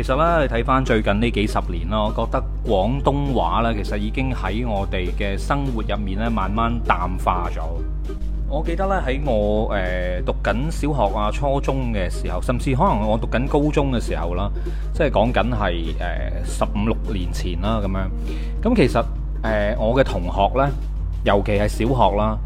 其實咧，你睇翻最近呢幾十年啦，我覺得廣東話咧，其實已經喺我哋嘅生活入面咧，慢慢淡化咗。我記得咧，喺我誒、呃、讀緊小學啊、初中嘅時候，甚至可能我讀緊高中嘅時候啦，即係講緊係誒十五六年前啦咁樣。咁其實誒、呃、我嘅同學呢，尤其係小學啦。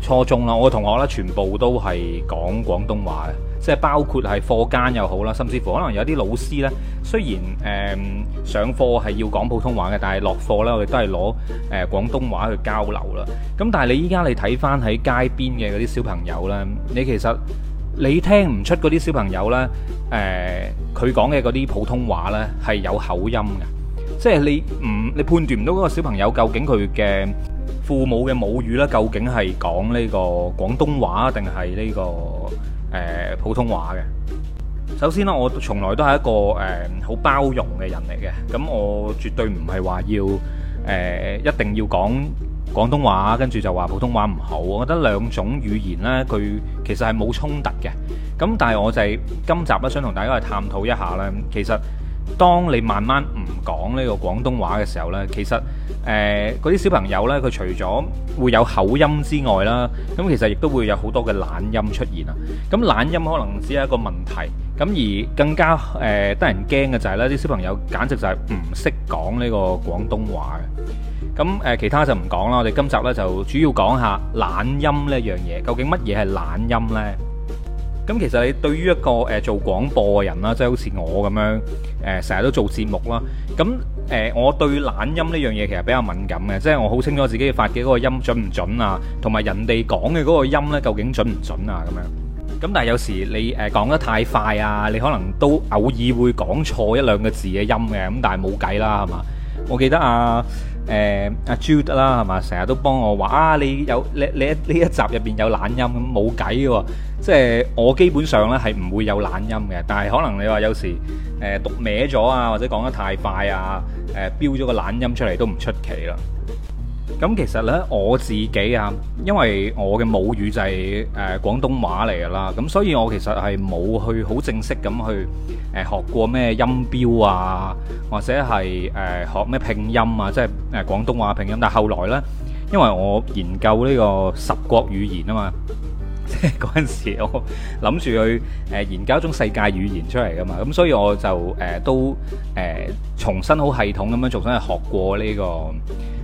初中啦，我同學咧全部都係講廣東話嘅，即係包括係課間又好啦，甚至乎可能有啲老師呢，雖然誒、呃、上課係要講普通話嘅，但係落課呢，我哋都係攞誒廣東話去交流啦。咁但係你依家你睇翻喺街邊嘅嗰啲小朋友呢，你其實你聽唔出嗰啲小朋友呢，誒、呃、佢講嘅嗰啲普通話呢係有口音嘅。即係你唔你判斷唔到嗰個小朋友究竟佢嘅父母嘅母語咧，究竟係講呢個廣東話定係呢個誒、呃、普通話嘅？首先啦，我從來都係一個誒好、呃、包容嘅人嚟嘅，咁我絕對唔係話要誒、呃、一定要講廣東話，跟住就話普通話唔好。我覺得兩種語言呢，佢其實係冇衝突嘅。咁但係我就係今集咧，想同大家去探討一下呢，其實。當你慢慢唔講呢個廣東話嘅時候呢，其實誒嗰啲小朋友呢，佢除咗會有口音之外啦，咁其實亦都會有好多嘅懶音出現啊！咁懶音可能只係一個問題，咁而更加誒得人驚嘅就係呢，啲小朋友簡直就係唔識講呢個廣東話嘅。咁誒其他就唔講啦，我哋今集呢就主要講下懶音呢一樣嘢，究竟乜嘢係懶音呢？咁其實你對於一個誒做廣播嘅人啦，即係好似我咁樣誒，成日都做節目啦。咁誒，我對懶音呢樣嘢其實比較敏感嘅，即係我好清楚自己發嘅嗰個音準唔準啊，同埋人哋講嘅嗰個音咧究竟準唔準啊咁樣。咁但係有時你誒講得太快啊，你可能都偶爾會講錯一兩個字嘅音嘅，咁但係冇計啦，係嘛？我記得啊。誒阿、呃、Jude 啦、啊，係嘛？成日都幫我話啊，你有你你呢一集入邊有懶音，咁冇計喎，即係我基本上呢係唔會有懶音嘅，但係可能你話有時誒、呃、讀歪咗啊，或者講得太快啊，誒標咗個懶音出嚟都唔出奇啦。咁其實呢，我自己啊，因為我嘅母語就係誒廣東話嚟噶啦，咁所以我其實係冇去好正式咁去誒學過咩音標啊，或者係誒學咩拼音啊，即係誒廣東話拼音。但係後來呢，因為我研究呢個十國語言啊嘛，即係嗰陣時我諗住去誒研究一種世界語言出嚟噶嘛，咁所以我就誒都誒重新好系統咁樣重新去學過呢個。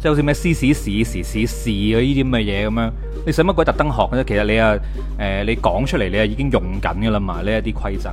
即係好似咩屎屎屎屎屎嗰啲咁嘅嘢咁樣，你使乜鬼特登學啫？其實你啊，誒、呃，你講出嚟你啊已經用緊㗎啦嘛，呢一啲規則。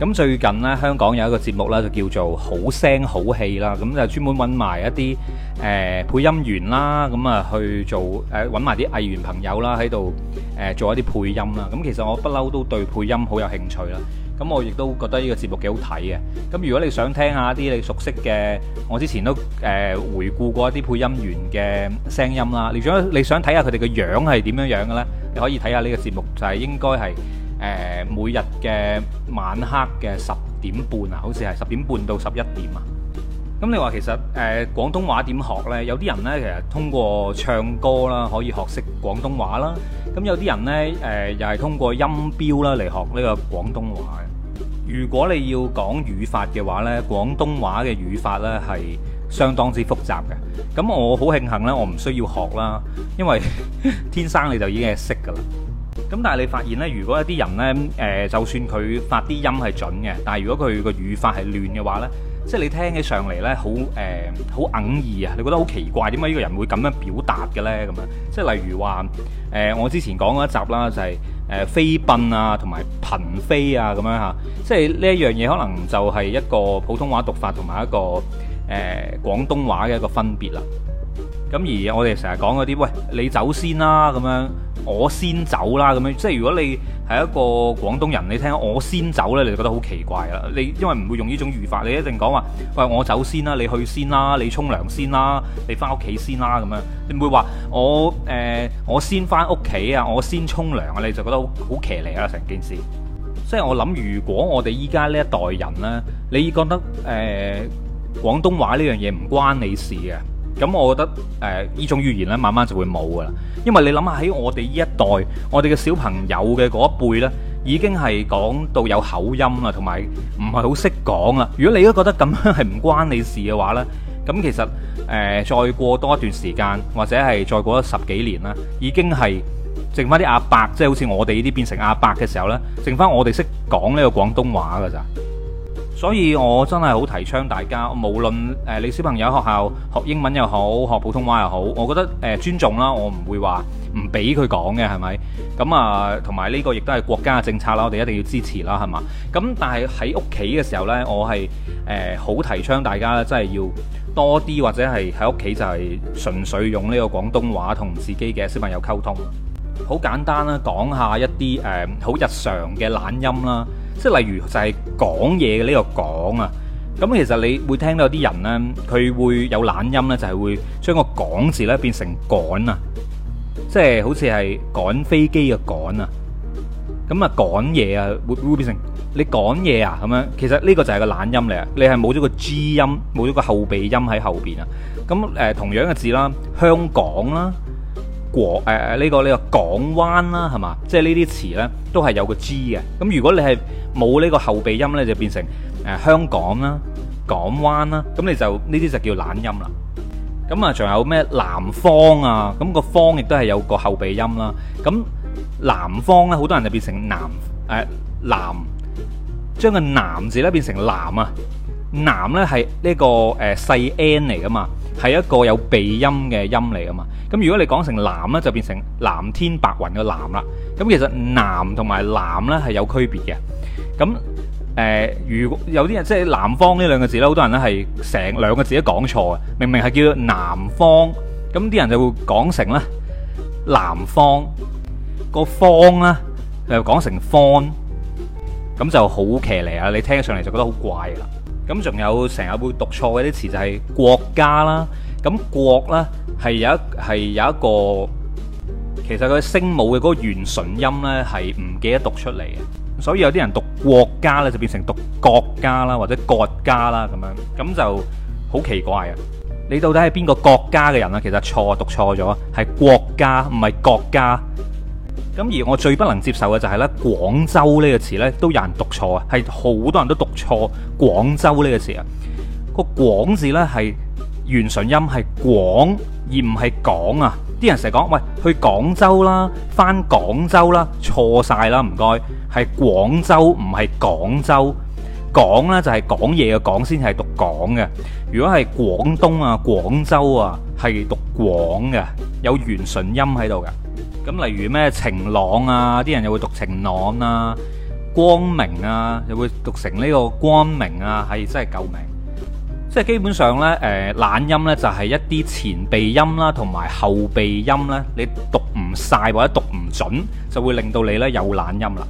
咁最近呢，香港有一個節目啦，就叫做好聲好氣啦，咁就專門揾埋一啲誒、呃、配音員啦，咁啊去做誒揾埋啲藝員朋友啦，喺度誒做一啲配音啦。咁其實我不嬲都對配音好有興趣啦。咁我亦都覺得呢個節目幾好睇嘅。咁如果你想聽一下啲你熟悉嘅，我之前都誒、呃、回顧過一啲配音員嘅聲音啦。你想你想睇下佢哋嘅樣係點樣樣嘅呢？你可以睇下呢個節目就，就係應該係誒每日嘅晚黑嘅十點半啊，好似係十點半到十一點啊。咁你話其實誒、呃、廣東話點學呢？有啲人呢，其實通過唱歌啦，可以學識廣東話啦。咁有啲人呢，誒、呃，又係通過音標啦嚟學呢個廣東話。如果你要講語法嘅話呢，廣東話嘅語法呢係相當之複雜嘅。咁我好慶幸呢，我唔需要學啦，因為 天生你就已經係識㗎啦。咁但係你發現呢，如果一啲人呢，誒、呃，就算佢發啲音係準嘅，但係如果佢個語法係亂嘅話呢。即係你聽起上嚟呢，好誒，好詭異啊！你覺得好奇怪，點解呢個人會咁樣表達嘅呢？咁啊，即係例如話誒、呃，我之前講嗰一集啦，就係誒飛奔啊，同埋頻飛啊，咁樣吓、啊。即係呢一樣嘢，可能就係一個普通話讀法同埋一個誒呃、廣東話嘅一個分別啦。咁而我哋成日講嗰啲，喂，你走先啦，咁樣，我先走啦，咁樣，即係如果你係一個廣東人，你聽我先走呢，你就覺得好奇怪啦。你因為唔會用呢種語法，你一定講話，喂，我走先啦，你去先啦，你沖涼先啦，你翻屋企先啦，咁樣，你唔會話我誒我先翻屋企啊，我先沖涼啊，你就覺得好騎呢啊成件事。即係我諗，如果我哋依家呢一代人呢，你覺得誒廣東話呢樣嘢唔關你事嘅？咁我覺得誒呢種語言呢，慢慢就會冇噶啦。因為你諗下喺我哋呢一代，我哋嘅小朋友嘅嗰一輩呢，已經係講到有口音啦，同埋唔係好識講啦。如果你都覺得咁樣係唔關你的事嘅話呢，咁其實誒、呃、再過多一段時間，或者係再過十幾年啦，已經係剩翻啲阿伯，即係好似我哋呢啲變成阿伯嘅時候呢，剩翻我哋識講呢個廣東話㗎咋。所以我真係好提倡大家，無論誒你小朋友喺學校學英文又好，學普通話又好，我覺得誒尊重啦，我唔會話唔俾佢講嘅，係咪？咁啊，同埋呢個亦都係國家嘅政策啦，我哋一定要支持啦，係嘛？咁但係喺屋企嘅時候呢，我係誒、呃、好提倡大家真係要多啲，或者係喺屋企就係純粹用呢個廣東話同自己嘅小朋友溝通。好簡單啦，講下一啲誒好日常嘅懶音啦。即係例如就係講嘢嘅呢個講啊，咁其實你會聽到有啲人咧，佢會有懶音咧，就係會將個講字咧變成趕啊，即係好似係趕飛機嘅趕啊。咁啊，講嘢啊會會變成你講嘢啊咁樣，其實呢個就係個懶音嚟啊，你係冇咗個 G 音，冇咗個後鼻音喺後邊啊。咁誒同樣嘅字啦，香港啦。過誒呢個呢個港灣啦，係嘛？即係呢啲詞呢都係有個 G 嘅。咁如果你係冇呢個後鼻音呢，就變成誒香港啦、港灣啦。咁你就呢啲就叫懶音啦。咁啊，仲有咩南方啊？咁個方亦都係有個後鼻音啦。咁南方呢，好多人就變成南誒南，將個南字呢變成南啊。南呢係呢個誒細 N 嚟噶嘛，係一個有鼻音嘅音嚟噶嘛。咁如果你講成藍咧，就變成藍天白雲嘅藍啦。咁其實南同埋藍咧係有區別嘅。咁誒，如果有啲人即係南方呢兩個字咧，好多人咧係成兩個字都講錯嘅。明明係叫南方，咁啲人就會講成咧南方個方呢，就講成方，咁就好騎呢啊！你聽上嚟就覺得好怪啦。咁仲有成日會讀錯嘅啲詞就係國家啦。咁國咧係有一係有一個，其實佢聲母嘅嗰個圓唇音咧係唔記得讀出嚟嘅，所以有啲人讀國家咧就變成讀國家啦，或者國家啦咁樣，咁就好奇怪啊！你到底係邊個國家嘅人啊？其實錯讀錯咗，係國家唔係國家。咁而我最不能接受嘅就係咧，廣州呢個詞咧都有人讀錯啊，係好多人都讀錯廣州呢個詞啊。個廣字咧係。圓唇音係廣而唔係港啊，啲人成日講，喂，去廣州啦，返廣州啦，錯晒啦，唔該，係廣州，唔係廣州。港呢，就係講嘢嘅，港先係讀港嘅。如果係廣東啊，廣州啊，係讀廣嘅，有圓唇音喺度㗎。咁例如咩晴朗啊，啲人又會讀晴朗啊，光明啊，又會讀成呢個光明啊，係真係救命。即係基本上呢，誒懶音呢就係一啲前鼻音啦，同埋後鼻音呢。你讀唔晒或者讀唔準，就會令到你呢有懶音啦。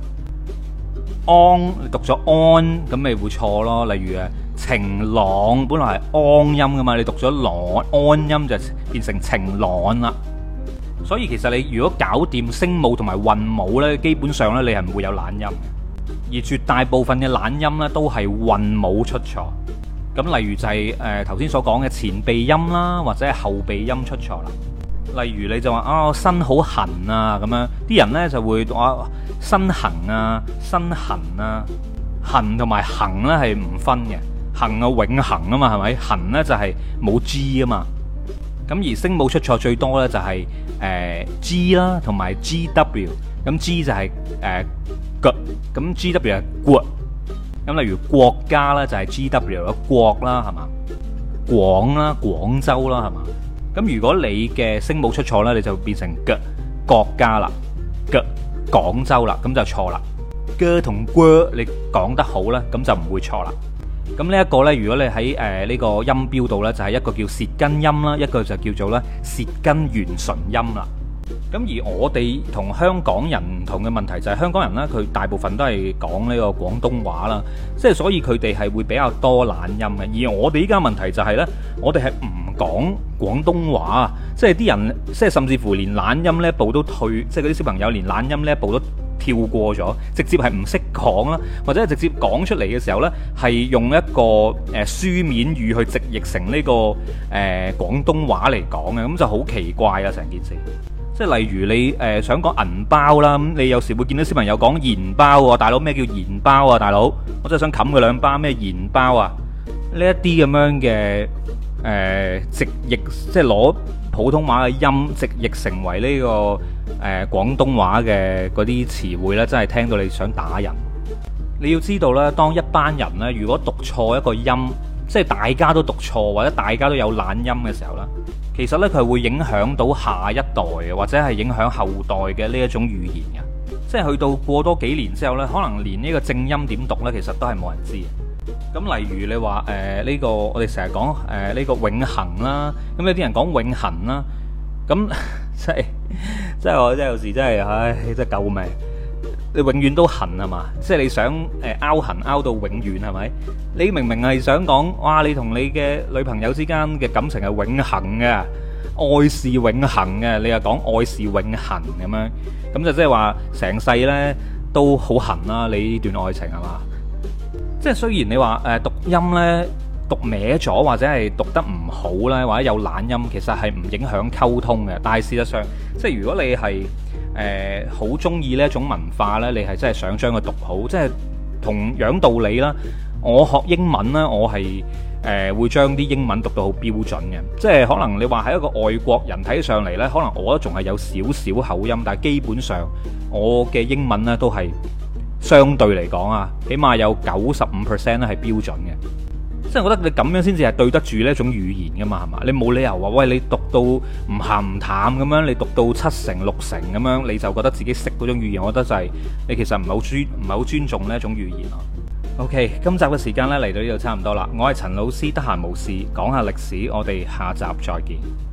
安你讀咗安，咁咪會錯咯，例如誒晴朗本來係安音噶嘛，你讀咗朗安音就變成晴朗啦。所以其實你如果搞掂聲母同埋韻母呢，基本上呢，你係唔會有懶音，而絕大部分嘅懶音呢，都係韻母出錯。咁例如就係誒頭先所講嘅前鼻音啦，或者係後鼻音出錯啦。例如你就話啊，我身好痕啊咁樣，啲人咧就會話身痕啊，身痕啊，痕同埋恆咧係唔分嘅。恆啊永恆啊嘛，係咪？痕咧就係冇 G 啊嘛。咁而聲母出錯最多咧就係、是、誒、呃、G 啦，同埋 G W。咁 G 就係誒葛，咁、呃、G, G W 係過。咁例如國家啦，就係 G W 啦，國啦，係嘛？廣啦，廣州啦，係嘛？咁如果你嘅聲母出錯咧，你就變成 G 國家啦，G 廣州啦，咁就錯啦。G 同 G, G，你講得好咧，咁就唔會錯啦。咁呢一個咧，如果你喺誒呢個音標度咧，就係、是、一個叫舌根音啦，一個就叫做咧舌根圓唇音啦。咁而我哋同香港人唔同嘅問題就係香港人咧，佢大部分都係講呢個廣東話啦，即係所以佢哋係會比較多懶音嘅。而我哋依家問題就係咧，我哋係唔講廣東話啊，即係啲人即係甚至乎連懶音呢一步都退，即係嗰啲小朋友連懶音呢一步都跳過咗，直接係唔識講啦，或者直接講出嚟嘅時候咧係用一個誒書面語去直譯成呢個誒廣東話嚟講嘅，咁就好奇怪啊！成件事。即例如你誒、呃、想講銀包啦、嗯，你有時會見到小朋友講鹽包喎、哦，大佬咩叫鹽包啊？大佬，我真係想冚佢兩包咩鹽包啊？呢一啲咁樣嘅誒、呃、直譯，即係攞普通話嘅音直譯成為呢、呢個誒、呃、廣東話嘅嗰啲詞彙呢，真係聽到你想打人。你要知道咧，當一班人呢，如果讀錯一個音，即係大家都讀錯，或者大家都有懶音嘅時候啦，其實呢，佢係會影響到下一代，或者係影響後代嘅呢一種語言嘅。即係去到過多幾年之後呢，可能連呢個正音點讀呢，其實都係冇人知嘅。咁例如你話誒呢個我哋成日講誒呢個永恆啦，咁有啲人講永恆啦，咁即係即係我即係有時真係唉，真係救命！你永遠都痕吖嘛？即係你想誒拗痕拗到永遠係咪？你明明係想講哇，你同你嘅女朋友之間嘅感情係永恆嘅，愛是永恆嘅。你又講愛是永恆咁樣，咁就即係話成世呢都好痕啦。你呢段愛情係嘛？即係雖然你話誒讀音呢讀歪咗或者係讀得唔好呢，或者有懶音，其實係唔影響溝通嘅。但係事實上，即係如果你係，誒好中意呢一種文化咧，你係真係想將佢讀好，即係同樣道理啦。我學英文咧，我係誒、呃、會將啲英文讀到好標準嘅，即係可能你話喺一個外國人睇上嚟咧，可能我都仲係有少少口音，但係基本上我嘅英文咧都係相對嚟講啊，起碼有九十五 percent 咧係標準嘅。即係我覺得你咁樣先至係對得住呢一種語言噶嘛，係嘛？你冇理由話，喂，你讀到唔鹹唔淡咁樣，你讀到七成六成咁樣，你就覺得自己識嗰種語言，我覺得就係你其實唔係好尊唔係好尊重呢一種語言咯。OK，今集嘅時間呢，嚟到呢度差唔多啦，我係陳老師，得閒無事講下歷史，我哋下集再見。